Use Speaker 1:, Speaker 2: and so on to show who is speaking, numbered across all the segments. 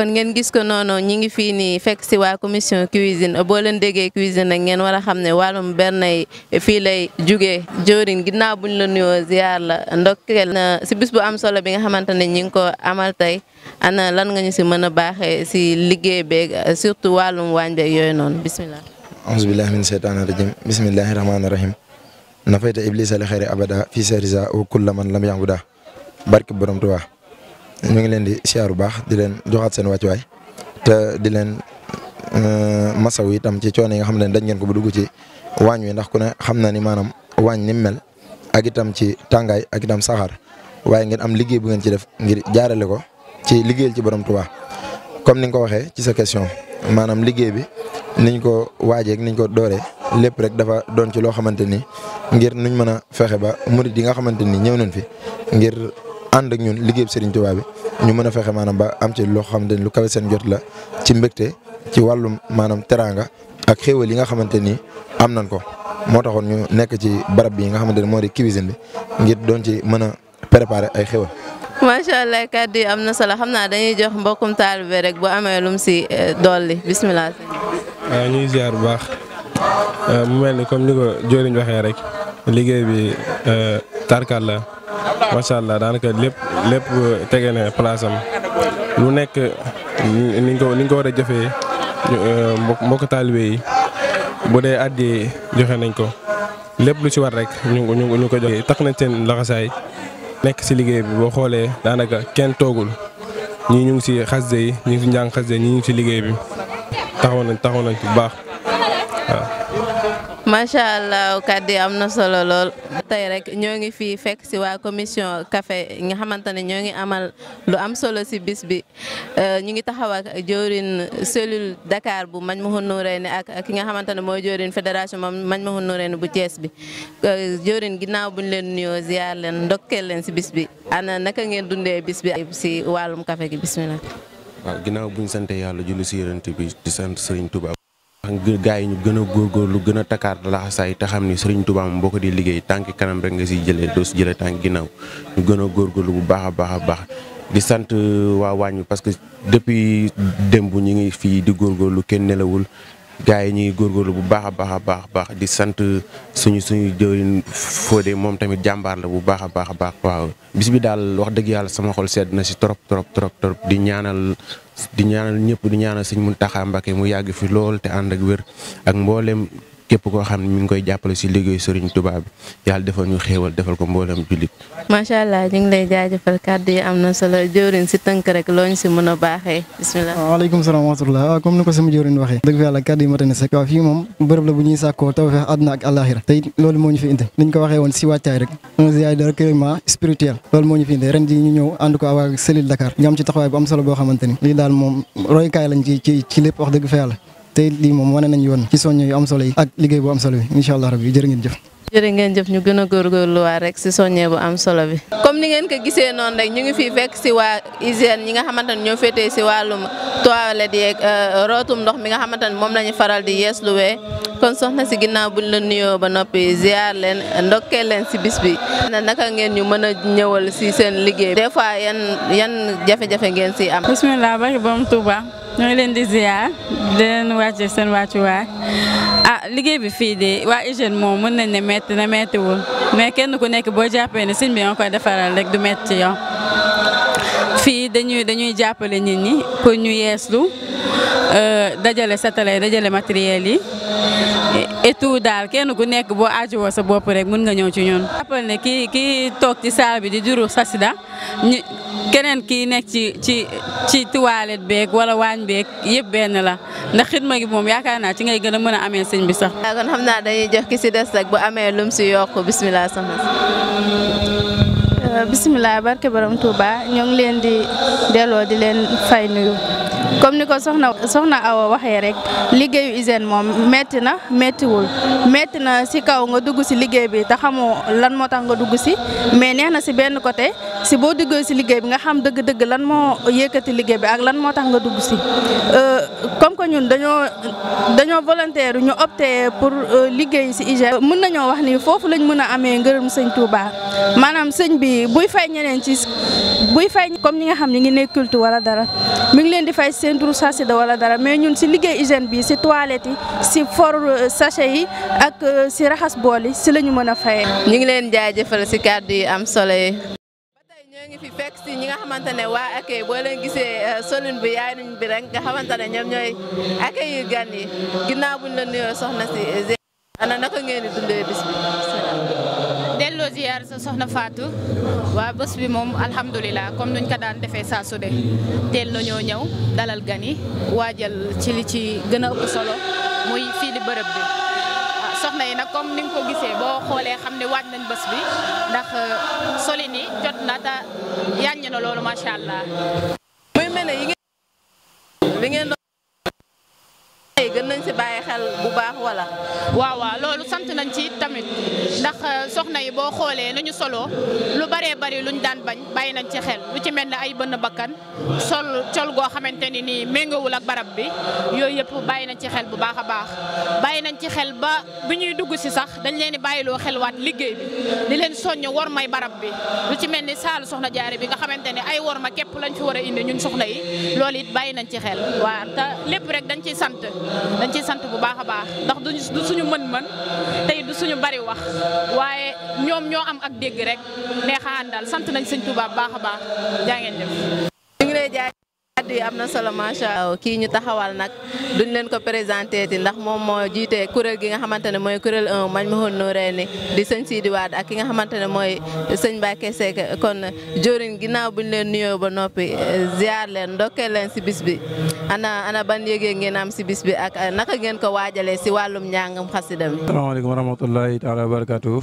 Speaker 1: kon ngeen gis ko noonu ñi ngi fii nii fekk si waa commission cuisine boo leen déggee cuisine nag ngeen war a xam ne wàllum bernay fii lay jugee joorin ginnaaw buñ la nuyoo ziar la ndokkeel na si bis bu am solo bi nga xamante ne ñi ngi ko amal tey ana lan nga ñu si mën a baaxee si liggéey beeg surtout wàllum waañ beeg yooyu noonu bisimilah
Speaker 2: ahousubillahi min sheytaani rajim bisimillahi rahmaani rahim nafayta iblisa li xeyri abada fi seriza wa kulla man lam yabuda barke borom Tuubaa ñu ngi leen di siyaar bu baax di leen joxaat seen wàccuwaay te di leen euh, masaw itam ci coono yi nga xam ne dañ ngeen ko bu dugg ci waañ wi ndax ku ne xam na ni maanaam waañ ni mel ak itam ci tàngaay ak itam saxaar waaye ngeen am liggéey bu ngeen ci def ngir jaarale ko ci liggéeyal ci borom Tuubaa comme ni nga ko waxee ci sa question maanaam liggéey bi niñ ko waajee ak ko dooree lépp rek dafa doon ci loo xamante ni ngir nuñ mën a fexe ba murid yi nga xamante ni ñëw nañ fi ànd ak ñun liggéey bi Serigne Touba bi ñu mën a fexe maanaam ba am ci loo xamante ni lu kawe seen jot la ci mbégte ci wàllum maanaam teraanga ak xéewal yi nga xamante ni am nañ ko. moo taxoon ñu nekk ci barab bi nga xamante ni moo di cuisine bi ngir doon ci mën a préparer ay xéewal.
Speaker 1: macha allah kàddu yi am na solo xam naa dañuy jox mbokkum taalibe rek bu amee lum si eh, dolli bisimilah.
Speaker 2: waaw bu baax
Speaker 3: eh, mu mel ni comme ni ko Diorine waxee rek liggéey bi eh, tarkal la. macha allah daanaka lépp lépp tege na place am lu nekk ni nga ko ni ko war a jëfee euh, mbokk taalibe yi bu dee àddee joxe nañ ko lépp lu ci war rek ñu ñu ñu ko joxe tax nañ seen laxasaay nekk ci liggéey bi boo xoolee daanaka kenn toogul ñii ñu ngi ci xasde yi ñu ngi ci njàng xasde ñii ñu ngi ci liggéey bi taxaw nañ taxaw nañ ci bu baax
Speaker 1: macha allah kàddu yi am na solo lool tey rek ñoo ngi fii fekk si waa commission kafe nga xamante ne ñoo ngi amal lu am solo si bis bi euh, ñu ngi taxaw ak jëwriñ cellule Dakar bu Majmahun Nurayni ak ki nga xamante ne mooy jëwriñ fédération Majmahun Nurayni bu cees bi euh, jëwriñ ginnaaw buñ leen nuyoo ziar leen ndokkeel leen si bis bi ana naka ngeen dundee bis bi ay si wàllum kafe gi bismillah
Speaker 4: waaw ginnaaw buñ sante yàlla julli si yonent bi di sant Serigne Touba gaa yi ñu gën a góorgóorlu gën a takkaat laxasaay te xam ni Serigne Touba moom boo ko di liggéey tànk kanam rek nga siy jëlee doo si jëlee tànk ginnaaw ñu gën a góorgóorlu bu baax a baax a baax di sant euh, waa waañ bi parce que depuis bu ñu ngi fii di lu kenn nelawul gars yi ñuy góorgóorlu bu baax a baax a baax baax di sant suñu suñu jëwriñ Fodé moom tamit jàmbaar la bu baax a baax a baax waaw bis bi daal wax dëgg yàlla sama xol sedd na si trop trop trop trop di ñaanal di ñaanal ñëpp di ñaanal sëñ Muntaxa Mbàkke mu yàgg fi lool te ànd ak wér ak mboolem képp koo xam ne mi ngi koy jàppale si liggéey Serigne Touba bi defal ñu xéewal defal ko mboolem jullit.
Speaker 1: macha allah ñu ngi lay jaajëfal yi am na solo jëwriñ si tënk rek looñ si mën a baaxee
Speaker 5: bisimilah. waaleykum salaam wa rahmatulah ah, waaw comme dëgg la loolu moo ñu fi indi niñ ko waxee woon si wàccaay rek un ziyaar loolu moo ñu fi indi ren ji ñu ñëw ànd ko waa cellule Dakar ñu ci taxawaay bu am solo boo xamante lii daal moom roykaay lañ ci lépp wax dëgg fa te lii moom wane nañ yoon ci soñño yu am solo yi ak liggéey bu am solo yi incha allah rabbi jërë jëf
Speaker 1: jërë ngeen jëf ñu gën a góorgóorluwaat rek si soññee bu am solo bi comme ni ngeen ko gisee noon rek ñu ngi fii fekk si waa hygiène ñi nga xamante ne ñoo féetee si wàllum toilette yeeg euh, rootum ndox mi nga xamante ne moom nañu faral di yees luwee kon soxna si ginnaaw buñ la nuyoo ba noppi ziar leen ndokkee leen si bis bi naka ngeen ñu mën a ñëwal si seen liggéey des fois yan yan jafe ngeen si am ñoo ngi leen di ziar di leen wàcce seen wàccuwaay ah liggéey bi fii de waa hygiène moom mën nañ ne metti na mettiwul mais kenn ku nekk boo jàppee ne sëñ bi nga koy defaral rek du metti ci yow fii dañuy dañuy jàppale nit ñi pour ñu yees yeeslu euh, dajale satala yi dajale matériel yi et daal kenn ku nekk boo aajowoo sa bopp rek mën nga ñëw ci ñun. jàppal ne kii kii toog ci saal bi di juru sasida keneen kii nekk ci ci ci toilette beeg wala waañ beeg yëpp benn la ndax xidma gi moom yaakaar naa ci ngay gën a mën a amee sëñ bi sax. waaw kon xam naa dañuy jox ki si des rek bu amee lum si yokk bisimilah soxna si. bisimilah barke borom Touba ñoo ngi leen di delloo di leen fay nuyu. comme ni ko soxna soxna Awa waxee rek liggéeyu hygiène moom metti na mettiwul metti na si kaw nga dugg si liggéey bi te xamoo lan moo tax nga dugg si mais neex na si benn côté si boo duggee si liggéey bi nga xam dëgg-dëgg lan moo yëkkati liggéey bi ak lan moo tax nga dugg si euh, comme que ñun dañoo dañoo volontaire ñu opté pour euh, liggéey si hygiène mën nañoo wax ni foofu lañ mën a amee ngërëm sëñ Touba maanaam sëñ bi buy fay ñeneen ci buy fay comme ñi nga xam ñi ngi nekk culte wala dara mi ngi leen di fay seen turu sachet wala dara mais ñun si liggéey hygiène bi si toilette yi si for euh, sachet yi ak euh, si raxas bool yi si lañu mën a fayee. ñu ngi leen jaajëfal si kàddu yi am solo yi. ñoo ngi fi fekk si ñi nga xamante ne waa accueil boo leen gisee euh, solin bi yaay nañ bi rek nga xamante ne ñoom ñooy accueil yu gan yi ginnaaw buñ la nuyoo soxna si ana naka ngeen dundee bis bi
Speaker 6: delloo ziyaar sa soxna Fatou waa bés bi moom alhamdulilah comme nuñ ko daan defee saa de teel na ñoo ñëw dalal gan yi waajal ci li ci gën a ëpp solo muy fii bërëb bi. Ah, soxna yi nag comme ni nga ko gisee boo xoolee xam ne waaj nañ bés bi ndax euh, solin yi jot na ta na loolu macha allah. muy mel ne yi ngeen li ngeen gën nañ si bàyyi xel bu baax wala. waaw loolu sant nañ ci. tamit ndax euh, soxna yi boo xoolee nañu soloo lu baree bari luñ daan bañ bàyyi nañ ci xel lu ci mel ne ay bënn bakkan sol col goo xamante ni nii méngawul ak barab bi yooyu yëpp bàyyi nañ ci xel bu baax a baax bàyyi nañ ci xel ba bi ñuy dugg si sax dañ leen di bàyyiloo xelwaat liggéey bi di leen soññ war may barab bi lu ci mel ni saalu soxna jaare bi nga xamante ne ay war ma képp lañ fi war a indi ñun soxna yi loolu it bàyyi nañ ci xel waa te lépp rek dañ ciy sant dañ ciy sant bu baax a baax ndax mën bari wax waaye ñoom ñoo am ak dégg rek neexa daal sant nañ sëñ Tuubaa baax a baax jaa ngeen jëf kàddu am na
Speaker 1: solo macha allah kii ñu taxawal nag duñ leen ko présenté ti ndax moom moo jiite kuréel gi nga xamante ne mooy kuréel 1 Majmahun Nurayni di sëñ Sidi Wade ak ki nga xamante ne mooy sëñ Mbacké Seck kon joriñ ginnaaw buñ leen nuyoo ba noppi ziar leen ndokkeel leen si bis bi ana ana ban yëgee ngeen am si bis bi ak naka ngeen ko waajalee si wàllum njàngam xasida mi.
Speaker 7: asalaamaaleykum wa rahmatulahi taala wa barakatuh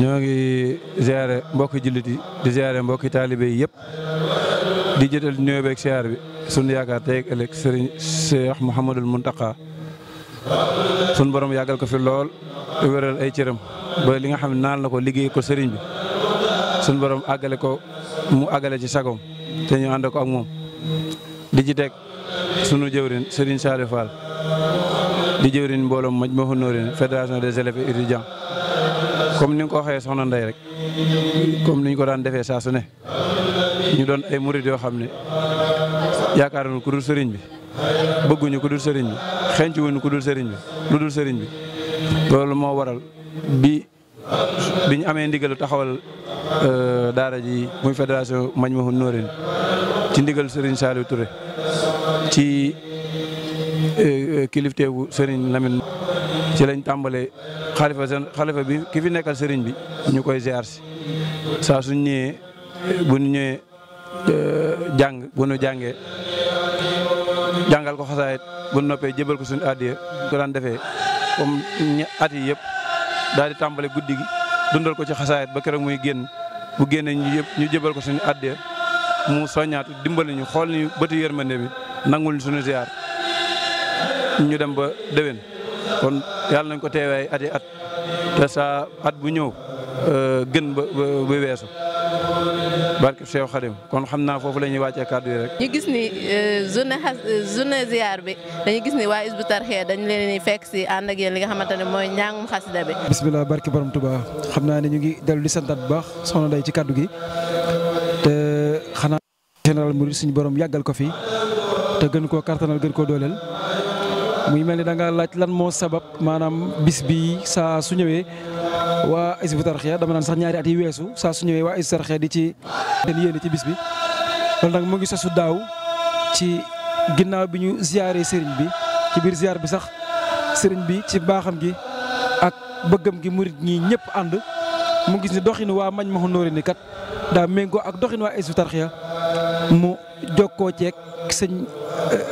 Speaker 7: ñoo ngi ziare mbokki jullit di ziare yëpp. di jëtal nuyoo beeg bi sunu yaakaar tey ak ëllëg sëriñ Cheikh Mouhamadul sunu borom yàggale ko fi lool wéral ay cëram ba li nga xam naan la ko liggéey ko seriñ bi sunu borom àggale ko mu àggale ci sagoom te ñu ànd ko ak moom. di ci teg sunu jëwrin sëriñ Saliou Fall di jëwrin mbooloom Majmahun Nurayni fédération des élèves et étudiants comme ni nga ko waxee soxna Ndeye rek comme ni ñu ko daan defee saa su ne. ñu doon ay murid yoo xam ne yaakaaroon ku dul sëriñ bi bëgguñu ku dul sëriñ bi xenc wuñu ku dul sëriñ bi lu dul sëriñ bi loolu moo waral bi bi ñu amee ndigalu taxawal euh, daara ji muy fédération Majmahun Nurayni ci ndigal Serigne Saliou ture ci euh, kilifteewu Serigne Lamine ci lañ tàmbalee xalifa bi ki fi nekkal sëriñ bi ñu koy ziar saa suñ ñëwee bu ñu Euh, jàng bu nu jàngee jàngal ko xasaayit bu noppee jëbal ko suñu addiya ko daan defee comme at yi yëpp daal di guddi dundal ko ci xasaayit ba keroog muy génn bu génnee ñu yëpp ñu jébal ko suñu addiya mu soññaatu dimbali ñu xool ñu bëti yërmande bi nangul ñu suñu ziar ñu dem ba déwén kon yàlla nañ ko teewaay ati at te saa at bu ñëw euh, gën ba weesu. barke Cheikh Khadim kon xam naa foofu la ñuy wàccee kàddu yi rek.
Speaker 1: ñu gis ni euh, journée euh, bi dañu gis ni waa Hizbu Tarxiya dañ leen di fekk si ànd ak yéen li nga xamante ne mooy njàngum xasida bi.
Speaker 5: bisimilah barke borom Tuubaa xam naa ne ñu ngi dellu di santaat bu baax soxna day ci kàddu gi te xanaa général Mouride suñu borom yàggal ko fi te gën koo kartanal gën koo dooleel. muy mel ni da laaj lan moo sabab maanaam bis bi saa su ñëwee. waa Hizbut Tarqiyyah dama naan sax ñaari at yi weesu saa su ñëwee waa Hizbut Tarqiyyah di ci den yéene ci bis bi loolu nag mu ngi sosu daaw ci ginnaaw bi ñu ziyaare sëriñ bi ci biir ziyaar bi sax sëriñ bi ci baaxam gi ak bëggam gi murit ñi ñëpp ànd mu gis ni doxin waa mañ maxu nóori ni kat daa méngoo ak doxin waa Hizbut Tarqiyyah mu koo ceeg sëñ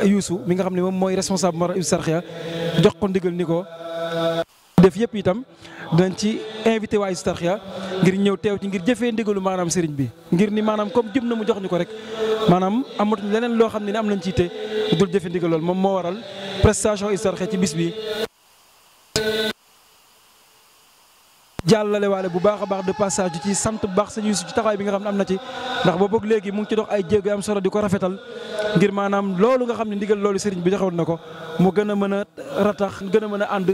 Speaker 5: eh, Youssou mi nga xam ne moom mooy responsable mara Hizbut Tarqiyyah jox ko ndigal ni ko def yëpp itam dinañ ci invité waa Hizbut-Tarqiyyah ngir ñëw teew ci ngir jëfee ndigalu maanaam sëriñ bi ngir ni maanaam comme jëm na mu jox ñu ko rek maanaam amatuñ leneen xam ne am nañ ci yitte dul lool moom moo waral prestation Hizbut-Tarqiyyah ci bis bi. jàllale waale bu baax a baax de ci sant bu baax sëñ Yuusu ci bi nga xam ne am na ci ndax ba boog léegi mu ngi ci dox ay jéego am solo di ko rafetal ngir maanaam loolu nga xam ne ndigal loolu sëriñ bi joxewoon na ko mu gën a mën a ratax gën a mën a ànd.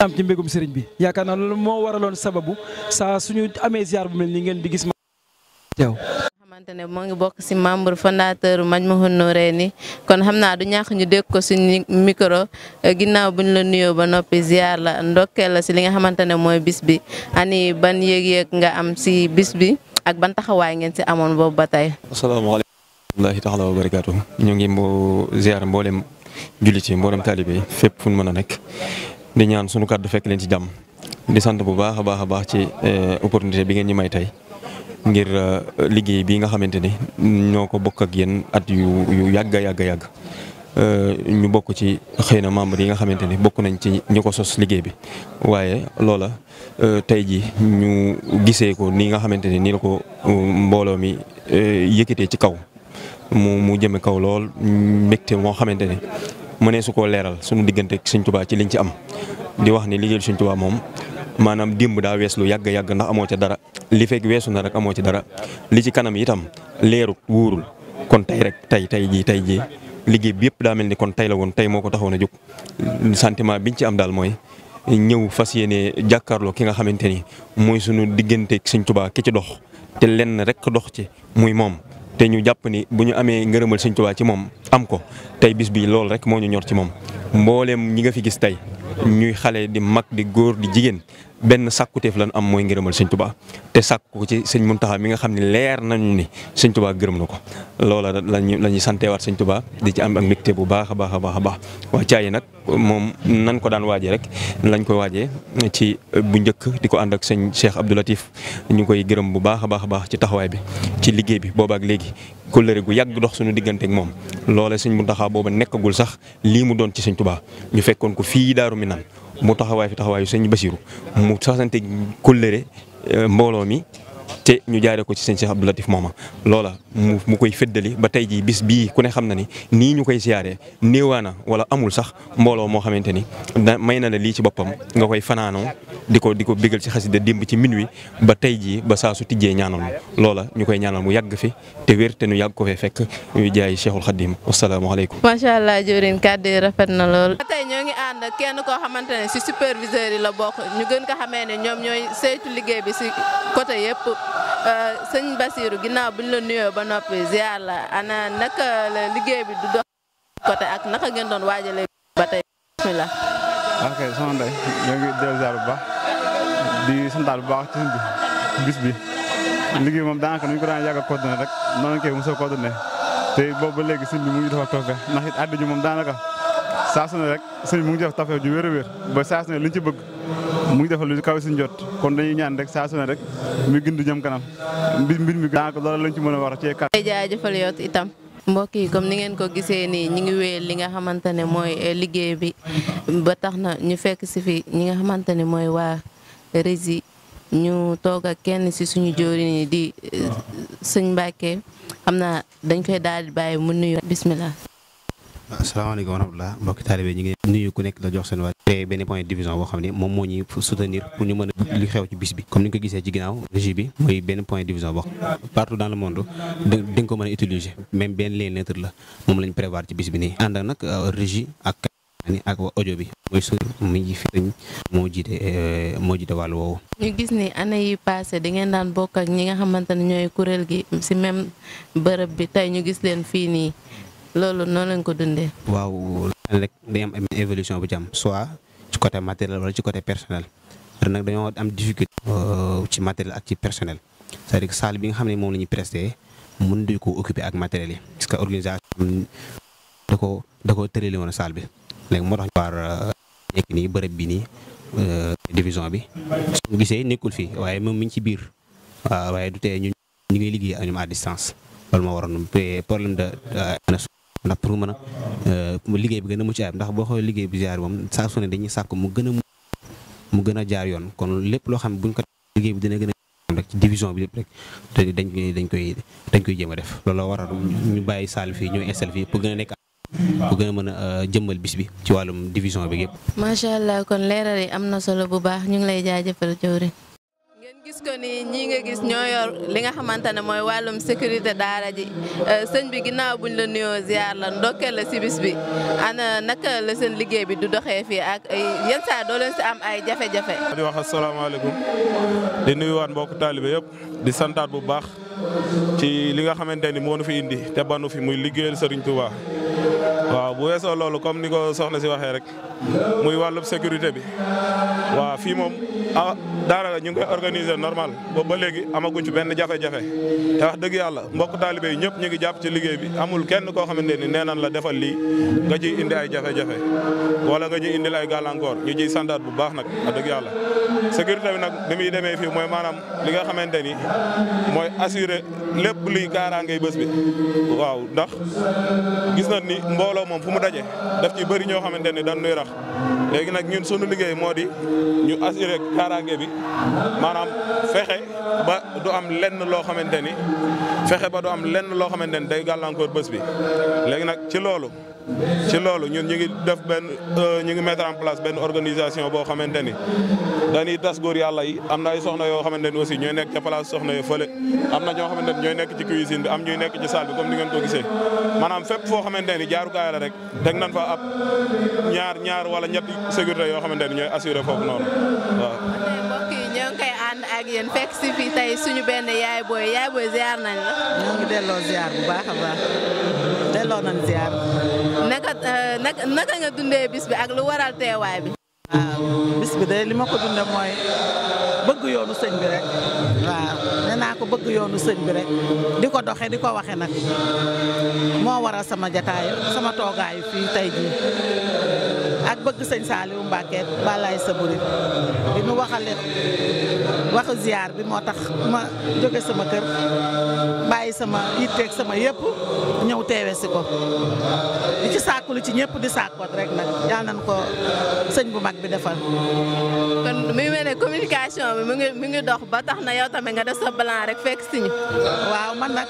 Speaker 5: am ci mbégum sëriñ bi yaakaar naa loolu moo waraloon sababu saa suñu amee ziar bu mel ni ngeen di gis ma teew
Speaker 1: xamante ne moo ngi bokk si membre fondateur Majmahun Nurayni kon xam naa du ñàkk ñu dégg ko ni micro ginnaaw buñu la nuyoo ba noppi ziar la ndokkeel la si li nga xamante ne mooy bis bi ani ban yëg-yëg nga am si bis bi ak ban taxawaay ngeen ci amoon boobu ba tey
Speaker 8: asalaamaaleykum warahmatullahi taala wa barakaatu ñu ngi mbo ziar mboolem jullit ci mboolem taalibe yi fépp fu mën a nekk di ñaan sunu kàddu fekk leen ci jàmm di sant bu baax a baax a baax ci eh, opportunité bi ngeen ñu may tey ngir eh, liggéey bi nga xamante ni ñoo ko bokk ak yenn at yu yu yàgg a yàgg a yàgg eh, ñu bokk ci xëy na membre yi nga xamante ni bokk nañ ci ñu ko sos liggéey bi waaye loola tey ji ñu gisee ko nii nga xamante ni nii la ko mbooloo mi yëkkatee ci kaw mu mu jëme kaw lool mbégte moo xamante ni mënee su koo leeral suñu diggante suñ Tuubaa ci liñ ci am di wax ne liggéeyal Sëriñ Tuubaa moom maanaam dimb daa wees lu yàgg yàgg ndax amoo ca dara li fekk weesu na rek amoo ci dara li ci kanam itam leerut wuurul kon tey rek tey tey jii tey jii liggéey bi yëpp daa mel ni kon tey la woon tey moo ko taxoon a jóg bi biñ ci am daal mooy ñëw fas yéene jàkkaarloo ki nga xamante ni mooy sunu diggante Sëriñ Tuubaa ki ci dox te lenn rek dox ci muy moom te ñu jàpp ni bu ñu amee ngërëmal Sëriñ Tuubaa ci moom am ko tey bis bi loolu rek moo ñu ñor ci moom mbooleem ñi nga fi gis tey ñuy xale di mag di góor di jigéen benn sàkkuteef lan am mooy ngërëmal sëñ Tuubaa te sàkku ko ci sëñ Muntaxa mi nga xam ne leer nañu ni sëñ Tuubaa gërëm na ko loola lañu la ñuy santeewaat sëñ Tuubaa di ci am ak mbégte bu baax a baax a baax a baax waa caayi nag moom nan ko daan waajee rek lañ koy waajee ci bu njëkk di ko ànd ak sëñ Cheikh Abdou Latif ñu koy gërëm bu baax a baax baax ci taxawaay bi ci liggéey bi boobaak léegi kóllëre gu yàgg dox suñu diggante ak moom loola sëñ Muntaxa booba nekkagul sax lii mu doon ci sëñ Tuubaa ñu fekkoon ko fii Daaru Minaan mu taxawaay fi taxawaayu sëñ Basiru mu saxante kóllëre euh, mbooloo mi te ñu jaaree ko ci sëñ Cheikh Abdou Latif mooma loola mu mu koy feddali ba tey jii bis bii ku ne xam na ni nii ñu koy siyaaree néewaana wala amul sax mbooloo moo xamante ni da may na la lii ci boppam nga koy fanaanoo di ko di ko bégal ci xasida démb ci minuit ba tey jii ba saa su tijjee ñaanal loola ñu koy ñaanal mu yàgg fi te wér te ñu yàgg ko fee fekk ñu jaay Cheikhul Khadim wasalaamaaleykum.
Speaker 1: macha allah ànd ak kenn koo xamante ne si superviseurs yi la bokk ñu gën ko xamee ne ñoom ñooy saytu liggéey bi si côté yëpp euh, sëñ Basiru ginnaaw bi ñu la nuyoo ba noppi ziar la ana naka la liggéey bi du dox côté ak naka ngeen doon waajalee ba tey bismillah
Speaker 3: ok soxna Ndeye ñoo ngi dellu ziar bu baax di santaal bu baax ci bis bi liggéey moom daanaka nu ñu ko daan yàgg a coordonné rek noonu koy mos a coordonné te boobu ba léegi ngi dafa daanaka saa su ne rek sëñ mu ngi def tafew ju wér a ba saa su liñ ci bëgg mu ngi defal lu kawe suñ jot kon dañuy ñaan rek saa su rek mu gindu jëm kanam mbir mbir mi daanaka loolu lañ ci mën a wax ci kanam jaajëfal yoot
Speaker 1: itam mbokk yi comme ni ngeen ko gisee nii ñu ngi wéyal li nga xamante ne mooy eh, liggéey bi ba tax na ñu fekk si fi ñi nga xamante ne mooy waa rési ñu toog ak kenn si suñu jëwriñ yi di eh, sëñ Mbàkke xam naa dañ koy daal di bàyyi mu nuyu bismillah
Speaker 4: asalaamaaleykum wa rahmatulah mbokki taalibe ñu ngi nuyu nekk la jox seen waa benn point division boo xam ne moom moo ñuy soutenir pour ñu mën a li xew ci bis bi comme ni ñu ko gisee
Speaker 1: nii ànd yi passé di daan bokk ak ñi nga xamante ñooy kuréel gi si même bërëb bi tey ñu gis leen fii nii. loolu noonu lañ ko dundee.
Speaker 4: waaw rek am évolution bu ci am soit ci côté matériel wala ci côté personnel ren nag dañoo am difficulté. Euh, ci matériel ak ci personnel cest à bi nga xam ne moom la ñuy presté mën duñ ko occuper ak matériel yi parce que organisation da ko da ko tërale woon bi léegi moo tax ñu war nekk nii bërëb bi nii euh, division bi suñu gisee nekkul fii waaye moom mi ci biir waaw waaye du tee ñu ñu ngi liggéey ak ñoom à distance loolu moo waroon problème de ndax pour mën a euh, liggéey bi gën a mucc ayib ndax boo xoolee liggéey bi ziar moom saa su ne dañuy sàkk mu gën a jaar yoon kon lépp loo xam ne buñ ko liggéey bi dina gën a rek ci bi lépp rek te dañ koy dañ koy dañ koy jéem a def ñu bàyyi saal fii ñëw installé fii pour gën a nekk bu gën mën a euh, jëmmal bis bi ci wàllum division bi yëpp.
Speaker 1: macha allah kon leeral yi am na solo bu baax ñu lay jaajëfal jëwriñ gis ko ni ñii nga gis ñoo yor li nga xamante ne mooy wàllum sécurité daara ji euh, sëñ bi ginnaaw buñ la nuyoo ziar la ndokkeel la si bis bi an naka la seen liggéey bi du doxe fii ak yan saa doo leen si am ay jafe-jafe.
Speaker 3: di wax asalaamaaleykum di nuyuwaat mbokk taalibe yëpp di santaat bu baax ci li nga xamante ni moo nu fi indi te banu fi muy liggéeyal Serigne Touba. waaw bu weesoo loolu comme ni ko soxna si waxee rek muy wàllub sécurité bi waaw fii moom a ah, daara ñu ngi koy organiser normal boobu ba léegi amaguñ ci benn jafe-jafe te wax dëgg yàlla mbokk taalibe yi ñëpp ñu ngi jàpp ci liggéey bi amul kenn koo xamante ni nee nan la defal lii nga ciy indi ay jafe-jafe wala nga ciy indil ay gàllankoor ñu ciy sandaat bu baax nag wax dëgg yàlla sécurité bi nag bi muy demee fi mooy maanaam li nga xamante ni mooy assurer lépp luy kaaraangey bés bi waaw mbooloo fu mu daje daf ci bëri ñoo xamante ne dañ nuy rax léegi nag ñun sunu liggéey moo di ñu assuré kaaraange bi maanaam fexe ba du am lenn loo xamante ni fexe ba du am lenn loo xamante ni day gàllankoor bés bi léegi nag ci loolu ci loolu ñun ñu ngi def benn euh, ñu ngi mettre en place benn organisation boo xamante ni dañuy tas góor yàlla yi am na ay soxna yoo xamante ni aussi ñooy nekk ca place soxna yoo fële am na ñoo xamante ni ñooy nekk ci cuisine bi am ñuy nekk ci salle bi comme ni ngeen ko gisee maanaam fépp foo xamante ni jaarukaay la rek teg nañ fa ab ñaar ñaar wala ñetti sécurité yoo xamante ni ñooy assuré foofu noonu waaw
Speaker 1: ak yéen fekk si fii la. ñoo ngi delloo ziar bu baax a baax. delloo nañ ziar. Eh, naka naka nga dundee bis bi ak lu waral teewaay bi.
Speaker 9: waaw bis bi de li ma ko dundee mooy bëgg yoonu sëñ bi rek waaw nee naa ko bëgg yoonu sëñ bi rek di ko doxe di ko waxe nag moo waral sama jataay sama toogaayu fii tey jii. ak bëgg sëñ Saliou Mbacke balaay sa burit bi mu waxale waxu ziar bi moo tax ma jóge sama kër bàyyi sama yitteeg sama yëpp ñëw teewe si ko di ci sàkku ci ñëpp di sàkkoot rek nag yal nañ ko sëñ bu mag bi defal
Speaker 1: kon muy mel communication bi mu ngi mu ngi dox ba tax na yow tamit nga def sa blanc rek fekk si ñu waaw man nag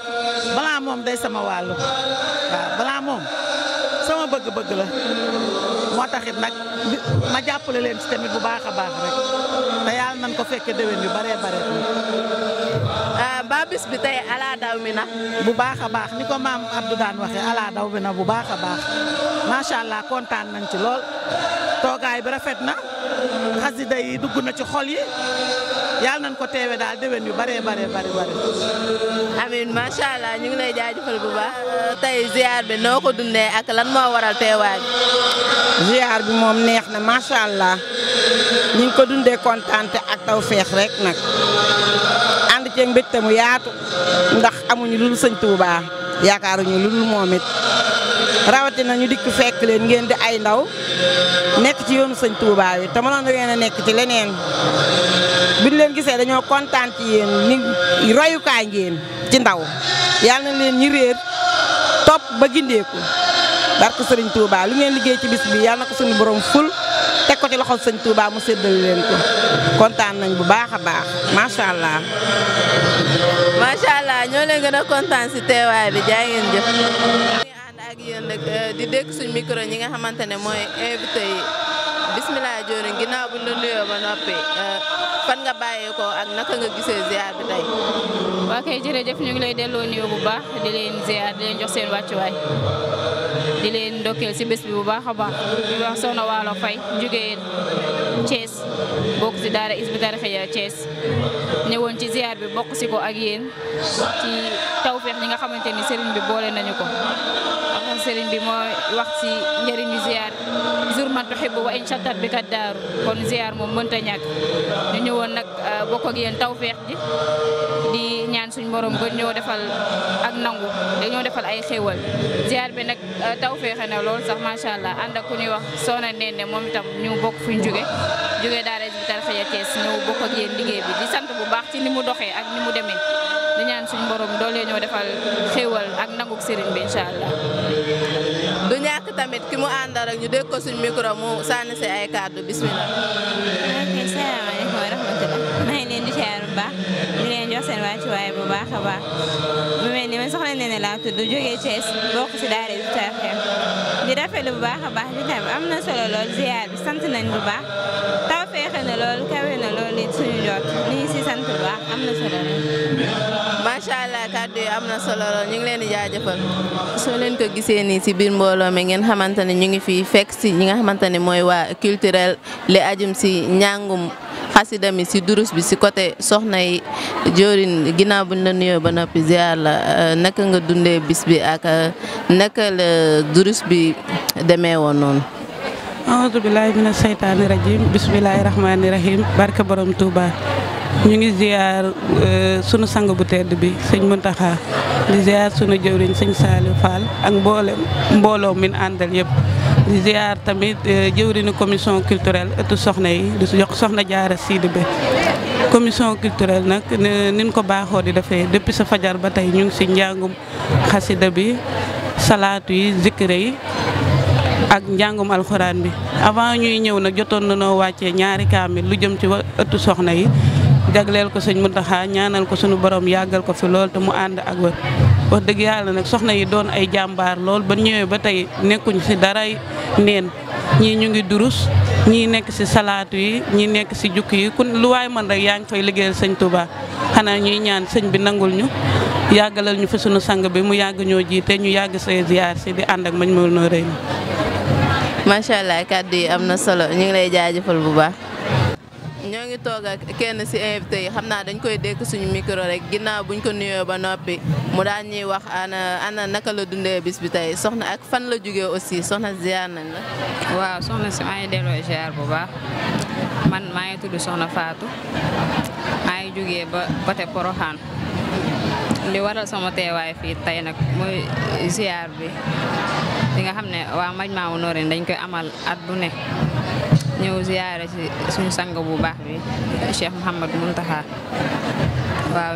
Speaker 1: blanc moom day sama wàllu waaw blanc moom
Speaker 9: bëgg-bëgg la moo taxit nag ma jàppale leen ci tamit bu baax a baax rek te yàlla nañ ko fekke déwén yu baree bare ah, baa bis bi tey ala daw mi na bu baax a baax ni ko maam Abdou daan waxee ala daw mi na bu baax a baax macha allah kontaan nañ ci lool toogaay bi rafet na. xasida yi dugg na ci xol yi yàlla nañ ko teewe daal déwén yu bare bare bare bare
Speaker 1: amin macha allah ñu ngi lay jaajëfal bu baax tey ziar bi noo ko dundee ak lan moo waral teewaay ziar bi moom neex na macha allah
Speaker 9: ñu ngi ko dundee kontaante ak tawfeex rek nag ànd ceeg mbégte mu yaatu ndax amuñu lu dul sëñ Tuubaa yaakaaruñu lu dul moom it rawatina dikk fekk leen ngeen di ay ndaw ci yoonu sëñ Touba wi te la ngeen a nekk ci leneen buñ leen gisee dañoo kontaan ci yéen ni royukaay ngeen ci ndaw yàlla na leen ñi réer topp ba gindeeku barke sëriñ Touba lu ngeen liggéey ci bis bi yàlla na ko suñu borom ful teg ko ci loxo sañ Touba mu séddal leen ko kontaan nañ bu baax a baax macha allah.
Speaker 1: macha ñoo leen gën kontaan si teewaay bi jaay ngeen jëf. di dégg suñ micro ñi nga xamante ne mooy invité yi bisimilah joorin ginnaaw bu la nuyoo ba noppi euh, fan nga bàyyee ko ak naka nga gisee ziar bi tey.
Speaker 6: waa kay jërëjëf ñu ngi lay delloo nuyoo bu baax di leen ziar di leen jox seen wàccuwaay di leen ndokkeel si bés bi bu baax a baax di wax soxna Waalo Faye jógee Thiès bokk si daara Hizbut Tarqiyyah Thiès ñëwoon ci ziar bi bokk si ko ak yéen ci tawfeex ñi nga xamante ni sëriñ bi boole nañu ko. sëriñ bi moo wax ci njëriñu ziar jour man tuxibu wa in chattat bi kat daaru kon ziar moom mënta ñàkk ñu ñëwoon nag euh, bokk ak yéen tawfeex ji di ñaan suñ borom ba ñoo defal ak nangu dañoo defal ay xéewal ziar bi nag euh, tawfeexe na lool sax macha allah ànd ak ku ñuy wax soona nee moom itam ñu bokk fuñ jóge jóge daara bi tarxiya Kees ñëw bokk ak liggéey bi di sant bu baax ci ni mu doxee ak ni mu demee di ñaan suñu borom doole ñoo defal xéewal ak nanguk sëriñ bi incha allah.
Speaker 1: du ñàkk tamit ki mu àndal ñu dégg ko suñu micro mu sànni si ay kàddu bismillah.
Speaker 10: ok salaamaaleykum wa rahmatulah maa ngi leen di ziar bu baax di leen jox seen wàccuwaay bu baax a baax bu mel ni man soxna Ndeye laa tudd jógee Thiès bokk si daara bi Tarxeem di rafetlu bu baax a baax di tam am na solo lool ziar bi sant nañ bu baax taw feexe na lool kawe na lool. rafetlu suñu yoon ñu ngi si sant am na solo
Speaker 1: macha allah kàddu yi am na solo ñu ngi leen di jaajëfal soo leen ko gisee nii ci biir mbooloo mi ngeen xamante ne ñu ngi fii fekk si ñi nga xamante ne mooy waa culturel li ajum si njàngum xasida mi si durus bi si côté soxna yi joorin ginnaaw buñ la nuyoo ba noppi ziar la euh, naka nga dundee bis bi ak euh, naka la
Speaker 11: durus bi demee woon noonu. aousubilahi mina seytaani rajim bisimilahi rahmaani rahim barke borom Touba ñu ngi ziar euh, sunu sang bu tedd bi sëñ Muntaxa di ziar sunu jëwriñ sëñ Saliou Fall ak mboole mbooloo min àndal yëpp di ziar tamit euh, jëwriñu commission culturelle ëttu soxna yi di jaar soxna jaara Sidibé commission culturelle nag nin ko baaxoo di defee depuis sa fajar ba tey ñu ngi si njàngum xasida bi salaatu yi zikre yi ak njàngum alxuraan bi avant ñuy ñëw nag jotoon na noo wàccee ñaari kaamil lu jëm ci wa ëttu soxna yi jagleel ko sëñ mu daxa ñaanal ko suñu borom yàggal ko fi lool te mu ànd ak wër dëgg yàlla nag soxna yi doon ay jàmbaar lool ba ñëwee ba tey nekkuñ si daray neen ñii ñu ngi durus ñii nekk si salaatu yi ñii nekk si jukki yi ku lu waaye man rek yaa ngi fay liggéeyal sëñ Touba xanaa ñuy ñaan sëñ bi nangul ñu yàggalal ñu fa sunu sang bi mu yàgg ñoo jiite ñu yàgg say ziar si di ànd ak mañ ma noo
Speaker 1: macha allah kàddu yi am na solo ñu ngi lay jaajëfal bu baax. ñoo ngi toog ak kenn ci invité yi xam naa dañ koy dékk suñu micro rek ginnaaw bu ñu ko nuyoo ba noppi mu daal ñuy wax ana ana naka la dundee bis bi tey soxna ak fan
Speaker 10: la jógee aussi soxna ziar nañ la. waaw soxna si maa ngi delloo ziar bu baax man maa ngi tudd soxna Fatou maa ngi jógee ba côté Porokhane li waral sama teewaay fii tey nag mooy ziar bi. li nga xam ne waa Majmahun Nurayni dañ koy amal at bu ne ñëw ziyaare ci suñu sang bu baax bi Cheikh Mouhamed Mountakha waaw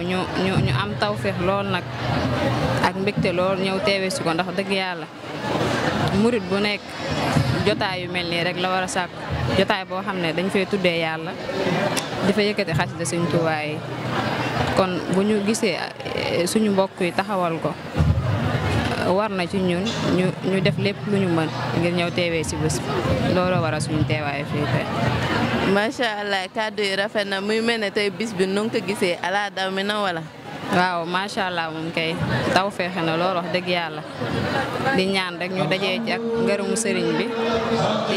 Speaker 10: ñu am tawféex lool nag ak mbégte lool ñëw teewee si ko ndax dëgg yàlla murit bu nekk jotaay yu mel nii rek la war a sàkk jotaay boo xam ne dañ fay tuddee yàlla dafa yëkkati xasida Sëñ kon bu ñu gisee eh, suñu mbokk yi taxawal ko war na ci ñun ñu ñu def lépp lu ñu mën ngir ñëw teewee si bés bi looloo waral suñu teewaay fii tey.
Speaker 1: macha allah kàddu yi rafet na muy mel ne tey bis bi nu ko gisee ala daw mi na wala.
Speaker 10: waaw macha allah moom kay taw feexe na lool wax dëgg yàlla di ñaan rek ñu dajee ci ak sëriñ bi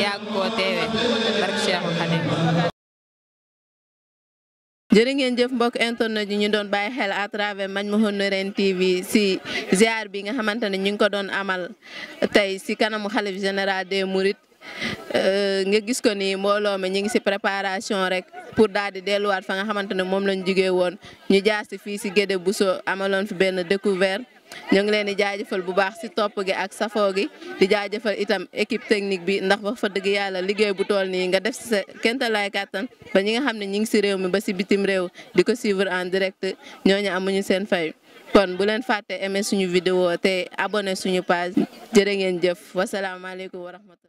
Speaker 10: yàgg koo teewee barke Cheikhul Khadim
Speaker 1: jërë ngeen jëf mbokk internet yi ñu doon bàyyi xel à travers Majmahun Nurayni TV si ziar bi nga xamante ne ñu ngi ko doon amal tey si kanamu xalif général des Mourides euh, nga gis ko ni mbooloo mi ñu ngi si préparation rek pour daal di delluwaat fa nga xamante ne moom lañ jigee woon ñu jaar si fii si Guédé Bousso amaloon fi benn découverte. ñoo ngi leen di jaajëfal bu baax si topp gi ak safoo gi di jaajëfal itam équipe technique bi ndax ba fa dëgg yàlla liggéey bu tool nii nga def si sa kéemtalaay kàttan ba ñi nga xam ne ñu ngi si réew mi ba si bitim réew di ko suivre en direct ñooñu amuñu seen fay. kon bu leen fàtte aimer suñu vidéo te abone suñu page jërë ngeen jëf wasalaamaaleykum wa rahmatulah.